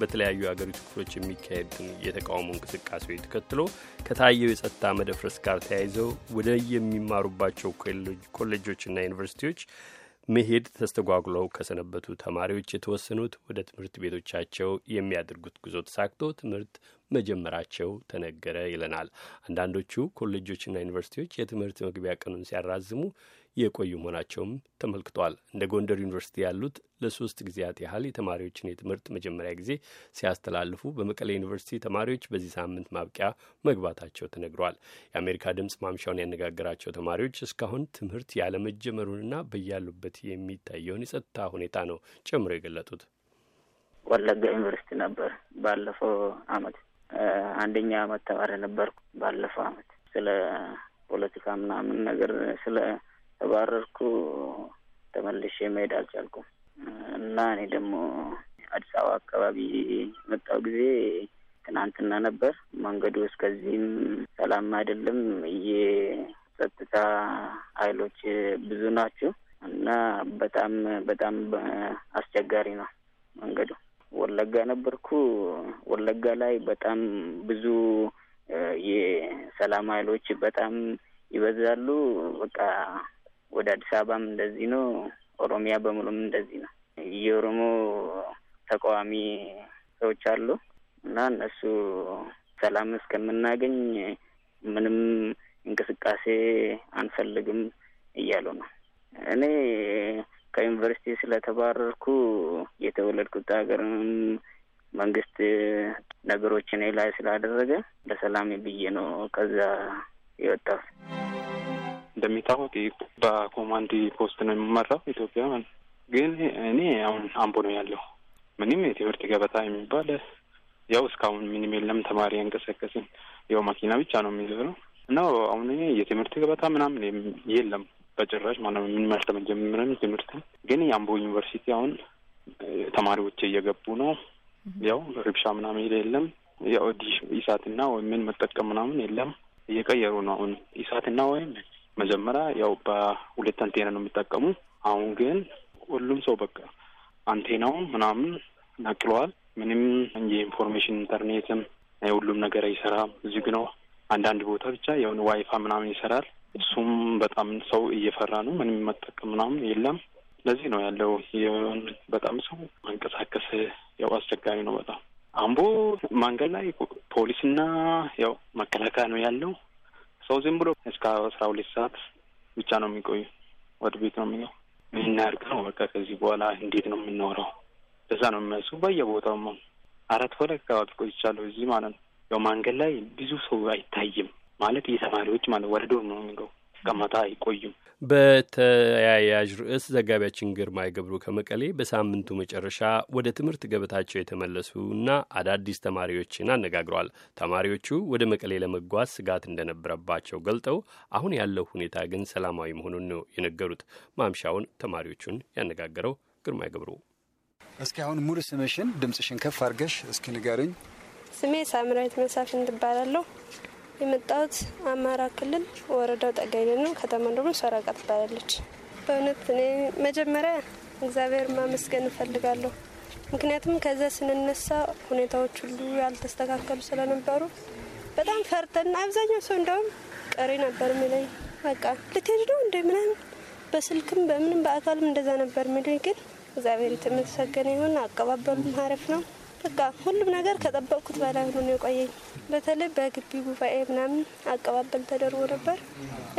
በተለያዩ የሀገሪቱ ክፍሎች የሚካሄድ የተቃውሞ እንቅስቃሴ ተከትሎ ከታየው የጸጥታ መደፍረስ ጋር ተያይዘው ወደ የሚማሩባቸው ኮሌጆችና ዩኒቨርሲቲዎች መሄድ ተስተጓጉለው ከሰነበቱ ተማሪዎች የተወሰኑት ወደ ትምህርት ቤቶቻቸው የሚያደርጉት ጉዞ ተሳክቶ ትምህርት መጀመራቸው ተነገረ ይለናል። አንዳንዶቹ ኮሌጆችና ዩኒቨርሲቲዎች የትምህርት መግቢያ ቀኑን ሲያራዝሙ የቆዩ መሆናቸውም ተመልክቷል። እንደ ጎንደር ዩኒቨርሲቲ ያሉት ለሶስት ጊዜያት ያህል የተማሪዎችን የትምህርት መጀመሪያ ጊዜ ሲያስተላልፉ በመቀሌ ዩኒቨርሲቲ ተማሪዎች በዚህ ሳምንት ማብቂያ መግባታቸው ተነግሯል። የአሜሪካ ድምፅ ማምሻውን ያነጋገራቸው ተማሪዎች እስካሁን ትምህርት ያለመጀመሩንና በያሉበት የሚታየውን የጸጥታ ሁኔታ ነው ጨምሮ የገለጡት። ወለጋ ዩኒቨርሲቲ ነበር ባለፈው አመት አንደኛ አመት ተማሪ ነበርኩ። ባለፈው አመት ስለ ፖለቲካ ምናምን ነገር ስለ ተባረርኩ። ተመልሼ መሄድ አልቻልኩም እና እኔ ደግሞ አዲስ አበባ አካባቢ መጣው ጊዜ ትናንትና ነበር። መንገዱ እስከዚህም ሰላም አይደለም። የጸጥታ ኃይሎች ብዙ ናቸው እና በጣም በጣም አስቸጋሪ ነው መንገዱ። ወለጋ ነበርኩ። ወለጋ ላይ በጣም ብዙ የሰላም ኃይሎች በጣም ይበዛሉ። በቃ ወደ አዲስ አበባም እንደዚህ ነው። ኦሮሚያ በሙሉም እንደዚህ ነው። የኦሮሞ ተቃዋሚ ሰዎች አሉ እና እነሱ ሰላም እስከምናገኝ ምንም እንቅስቃሴ አንፈልግም እያሉ ነው። እኔ ከዩኒቨርሲቲ ስለተባረርኩ የተወለድኩት ሀገርም መንግስት ነገሮችን ላይ ስላደረገ ለሰላም ብዬ ነው ከዛ የወጣሁት። እንደሚታወቅ በኮማንድ ፖስት ነው የምመራው ኢትዮጵያ። ማለት ግን እኔ አሁን አምቦ ነው ያለው። ምንም የትምህርት ገበታ የሚባል ያው እስካሁን ምንም የለም። ተማሪ ያንቀሳቀስን ያው መኪና ብቻ ነው የሚዘው ነው እና አሁን እኔ የትምህርት ገበታ ምናምን የለም በጭራሽ ማለት ነው። ምንም አልተጀመረም ትምህርት። ግን የአምቦ ዩኒቨርሲቲ አሁን ተማሪዎች እየገቡ ነው። ያው ሪብሻ ምናምን የለም። ያው ዲሽ ኢሳትና ወይም ምን መጠቀም ምናምን የለም። እየቀየሩ ነው አሁን ኢሳትና ወይም መጀመሪያ ያው በሁለት አንቴና ነው የሚጠቀሙ። አሁን ግን ሁሉም ሰው በቃ አንቴናው ምናምን ነቅለዋል። ምንም እንጂ ኢንፎርሜሽን ኢንተርኔትም ሁሉም ነገር አይሰራም። እዚህ ግን አንዳንድ ቦታ ብቻ የሆነ ዋይፋ ምናምን ይሰራል። እሱም በጣም ሰው እየፈራ ነው። ምንም መጠቀም ምናምን የለም። ለዚህ ነው ያለው በጣም ሰው መንቀሳቀስ ያው አስቸጋሪ ነው በጣም አምቦ መንገድ ላይ ፖሊስና ያው መከላከያ ነው ያለው። ሰው ዝም ብሎ እስከ አስራ ሁለት ሰዓት ብቻ ነው የሚቆዩ። ወደ ቤት ነው የሚገው። ይህን ነው በቃ። ከዚህ በኋላ እንዴት ነው የምኖረው? በዛ ነው የሚያስቡ። በየቦታው አራት ወር አካባቢ ቆይቻለሁ እዚህ ማለት ነው። ያው መንገድ ላይ ብዙ ሰው አይታይም ማለት የተማሪዎች ማለት ወረዶ ነው የሚገው ገመታ አይቆዩም። በተያያዥ ርዕስ ዘጋቢያችን ግርማይ ገብሩ ከመቀሌ በሳምንቱ መጨረሻ ወደ ትምህርት ገበታቸው የተመለሱና አዳዲስ ተማሪዎችን አነጋግሯል። ተማሪዎቹ ወደ መቀሌ ለመጓዝ ስጋት እንደነበረባቸው ገልጠው አሁን ያለው ሁኔታ ግን ሰላማዊ መሆኑን ነው የነገሩት። ማምሻውን ተማሪዎቹን ያነጋገረው ግርማይ ገብሩ። እስኪ አሁን ሙሉ ስምሽን ድምጽሽን ከፍ አድርገሽ እስኪ ንገርኝ። ስሜ ሳምራዊት መሳፍን ትባላለሁ። የመጣሁት አማራ ክልል ወረዳው ጠገኝ ነው። ከተማ ደግሞ ሰረቃ ትባላለች። በእውነት እኔ መጀመሪያ እግዚአብሔር ማመስገን እፈልጋለሁ። ምክንያቱም ከዛ ስንነሳ ሁኔታዎች ሁሉ ያልተስተካከሉ ስለነበሩ በጣም ፈርተን አብዛኛው ሰው እንደውም ቀሪ ነበር የሚለኝ በቃ ልትሄድ ነው እንደ ምናምን በስልክም በምንም በአካልም እንደዛ ነበር የሚለኝ። ግን እግዚአብሔር የተመሰገነ ይሁን። አቀባበሉም አሪፍ ነው። በቃ ሁሉም ነገር ከጠበቅኩት በላይ ሆኖ ነው የቆየኝ። በተለይ በግቢ ጉባኤ ምናምን አቀባበል ተደርጎ ነበር።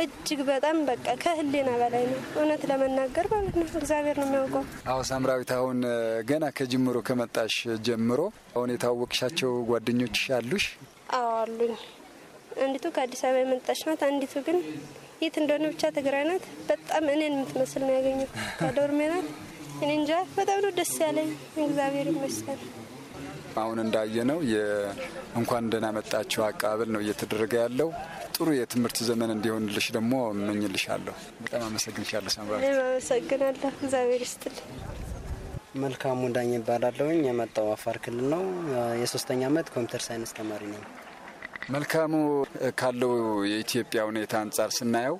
እጅግ በጣም በቃ ከህሊና በላይ ነው እውነት ለመናገር ማለት ነው። እግዚአብሔር ነው የሚያውቀው። አዎ ሳምራዊት፣ አሁን ገና ከጅምሮ ከመጣሽ ጀምሮ አሁን የታወቅሻቸው ጓደኞች አሉሽ? አዎ አሉኝ። አንዲቱ ከአዲስ አበባ የመጣች ናት። አንዲቱ ግን የት እንደሆነ ብቻ ትግራይ ናት። በጣም እኔን የምትመስል ነው ያገኘው። ከዶርሜ ናት። እኔ እንጃ በጣም ነው ደስ ያለኝ። እግዚአብሔር ይመስገን። አሁን እንዳየነው እንኳን ደህና መጣችሁ አቀባበል ነው እየተደረገ ያለው። ጥሩ የትምህርት ዘመን እንዲሆንልሽ ደግሞ እመኝልሻለሁ። በጣም አመሰግንሻለሁ። ሳምራ አመሰግናለሁ። እግዚአብሔር ይስጥልኝ። መልካሙ እንዳኝ ይባላለሁኝ። የመጣው አፋር ክልል ነው። የሶስተኛ ዓመት ኮምፒውተር ሳይንስ ተማሪ ነኝ። መልካሙ ካለው የኢትዮጵያ ሁኔታ አንጻር ስናየው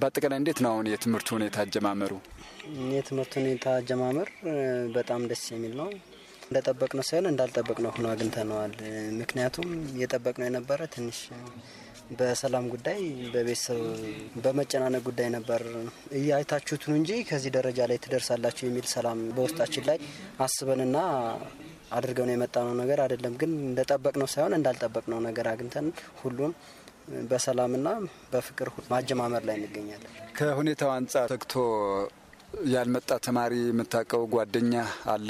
በአጠቃላይ እንዴት ነው አሁን የትምህርቱ ሁኔታ አጀማመሩ? የትምህርት ሁኔታ አጀማመር በጣም ደስ የሚል ነው። እንደጠበቅነው ሳይሆን እንዳልጠበቅነው ሆኖ አግኝተነዋል። ምክንያቱም የጠበቅነው የነበረ ትንሽ በሰላም ጉዳይ በቤተሰብ በመጨናነቅ ጉዳይ ነበር እያይታችሁትን እንጂ ከዚህ ደረጃ ላይ ትደርሳላችሁ የሚል ሰላም በውስጣችን ላይ አስበንና አድርገን የመጣነው ነገር አይደለም። ግን እንደጠበቅነው ሳይሆን እንዳልጠበቅነው ነገር አግኝተን ሁሉም በሰላምና በፍቅር ማጀማመር ላይ እንገኛለን። ከሁኔታው አንጻር ተግቶ ያልመጣ ተማሪ የምታውቀው ጓደኛ አለ?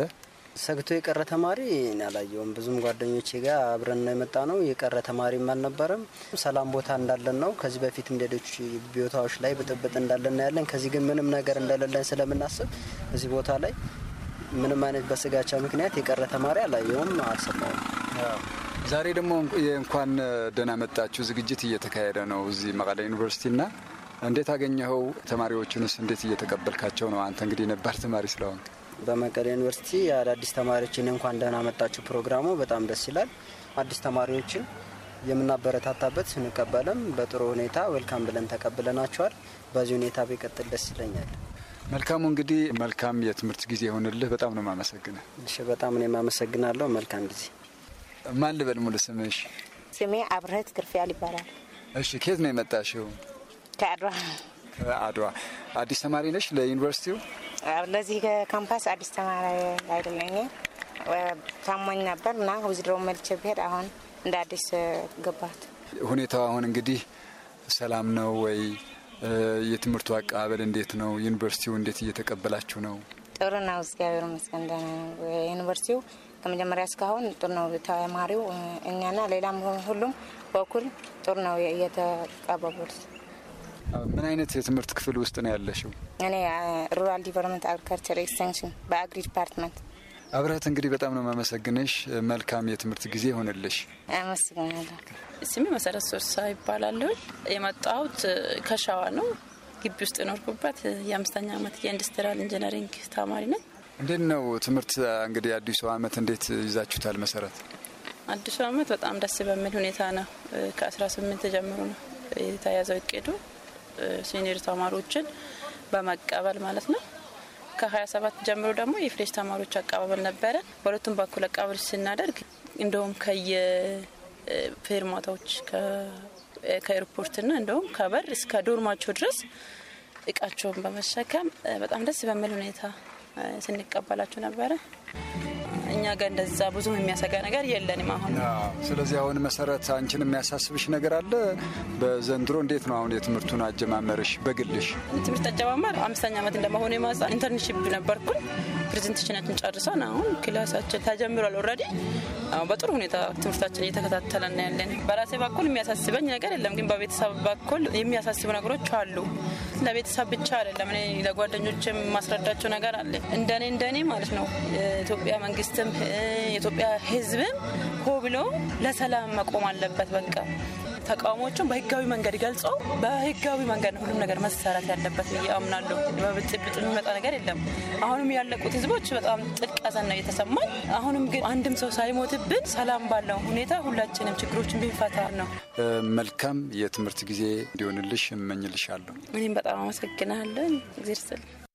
ሰግቶ የቀረ ተማሪ አላየውም። ብዙም ጓደኞቼ ጋር አብረን ነው የመጣ ነው። የቀረ ተማሪም አልነበረም። ሰላም ቦታ እንዳለን ነው። ከዚህ በፊትም ሌሎች ቦታዎች ላይ ብጥብጥ እንዳለን ያለን፣ ከዚህ ግን ምንም ነገር እንደሌለን ስለምናስብ እዚህ ቦታ ላይ ምንም አይነት በስጋቻ ምክንያት የቀረ ተማሪ አላየውም፣ አልሰማውም። ዛሬ ደግሞ የእንኳን ደህና መጣችሁ ዝግጅት እየተካሄደ ነው እዚህ ዩኒቨርሲቲ ዩኒቨርሲቲና እንዴት አገኘኸው? ተማሪዎቹንስ እንዴት እየተቀበልካቸው ነው? አንተ እንግዲህ ነባር ተማሪ ስለሆንክ በመቀሌ ዩኒቨርሲቲ የአዳዲስ ተማሪዎችን እንኳን ደህና መጣችሁ ፕሮግራሙ በጣም ደስ ይላል። አዲስ ተማሪዎችን የምናበረታታበት ስንቀበለም በጥሩ ሁኔታ ዌልካም ብለን ተቀብለናቸዋል። በዚህ ሁኔታ ቢቀጥል ደስ ይለኛል። መልካሙ እንግዲህ መልካም የትምህርት ጊዜ ይሆንልህ። በጣም ነው የማመሰግነ። እሺ በጣም ነው የማመሰግናለሁ። መልካም ጊዜ። ማን ልበል ሙሉ ስምሽ? ስሜ አብርህት ግርፊያል ይባላል። እሺ ከየት ነው የመጣሽው? ከአድዋ። ከአድዋ አዲስ ተማሪ ነሽ ለዩኒቨርሲቲው? ለዚህ ካምፓስ አዲስ ተማሪ አይደለኝ ታሞኝ ነበር እና ውዝድሮ መልቼ ብሄድ አሁን እንደ አዲስ ገባት። ሁኔታው አሁን እንግዲህ ሰላም ነው ወይ? የትምህርቱ አቀባበል እንዴት ነው? ዩኒቨርሲቲው እንዴት እየተቀበላችሁ ነው? ጥሩ ነው፣ እግዚአብሔር ይመስገን ደህና ነው። ዩኒቨርሲቲው ከመጀመሪያ እስካሁን ጥሩ ነው። ተማሪው እኛና ሌላም ሁሉም በኩል ጥሩ ነው እየተቀበቡት። ምን አይነት የትምህርት ክፍል ውስጥ ነው ያለሽው? እኔ ሩራል ዲቨሎፕመንት አግሪካልቸር ኤክስቴንሽን በአግሪ ዲፓርትመንት። አብረት እንግዲህ በጣም ነው የማመሰግንሽ። መልካም የትምህርት ጊዜ ይሆንልሽ። አመሰግናለሁ። ስሜ መሰረት ሶርሳ ይባላለሁ። የመጣሁት ከሸዋ ነው። ግቢ ውስጥ የኖርኩበት የአምስተኛ ዓመት የኢንዱስትሪያል ኢንጂነሪንግ ተማሪ ነኝ። እንዴት ነው ትምህርት እንግዲህ አዲሱ ዓመት እንዴት ይዛችሁታል? መሰረት አዲሱ ዓመት በጣም ደስ በሚል ሁኔታ ነው። ከ18 ጀምሮ ነው የተያዘው እቅዱ ሲኒየር ተማሪዎችን በመቀበል ማለት ነው። ከ27 ጀምሮ ደግሞ የፍሬሽ ተማሪዎች አቀባበል ነበረ። በሁለቱም በኩል አቀባበል ስናደርግ እንደውም ከየፌርማታዎች ከኤርፖርትና እንደውም ከበር እስከ ዶርማቸው ድረስ እቃቸውን በመሸከም በጣም ደስ በሚል ሁኔታ ስንቀበላቸው ነበረ። ጋር እንደዛ ብዙም የሚያሰጋ ነገር የለንም አሁን። ስለዚህ አሁን መሰረት አንቺን የሚያሳስብሽ ነገር አለ በዘንድሮ እንዴት ነው አሁን የትምህርቱን አጀማመርሽ በግልሽ? ትምህርት አጀማመር አምስተኛ ዓመት እንደመሆኑ የማዛ ኢንተርንሽፕ ነበርኩኝ። ፕሬዘንቴሽናችን ጨርሰን አሁን ክላሳችን ተጀምሯል ኦልሬዲ በጥሩ ሁኔታ ትምህርታችን እየተከታተለን ያለን። በራሴ በኩል የሚያሳስበኝ ነገር የለም፣ ግን በቤተሰብ በኩል የሚያሳስቡ ነገሮች አሉ። ለቤተሰብ ብቻ አይደለም፣ እኔ ለጓደኞች የማስረዳቸው ነገር አለ። እንደኔ እንደኔ ማለት ነው የኢትዮጵያ መንግስትም የኢትዮጵያ ህዝብም ሆ ብሎ ለሰላም መቆም አለበት በቃ ተቃውሞዎችን በህጋዊ መንገድ ገልጾ በህጋዊ መንገድ ነው ሁሉም ነገር መሰራት ያለበት ብዬ አምናለሁ። በብጥብጥ የሚመጣ ነገር የለም። አሁንም ያለቁት ህዝቦች በጣም ጥልቅ ሐዘን ነው የተሰማኝ። አሁንም ግን አንድም ሰው ሳይሞትብን ሰላም ባለው ሁኔታ ሁላችንም ችግሮችን ብንፈታ ነው። መልካም የትምህርት ጊዜ እንዲሆንልሽ እመኝልሻለሁ። እኔም በጣም አመሰግናለን እግዜር ይስጥልኝ።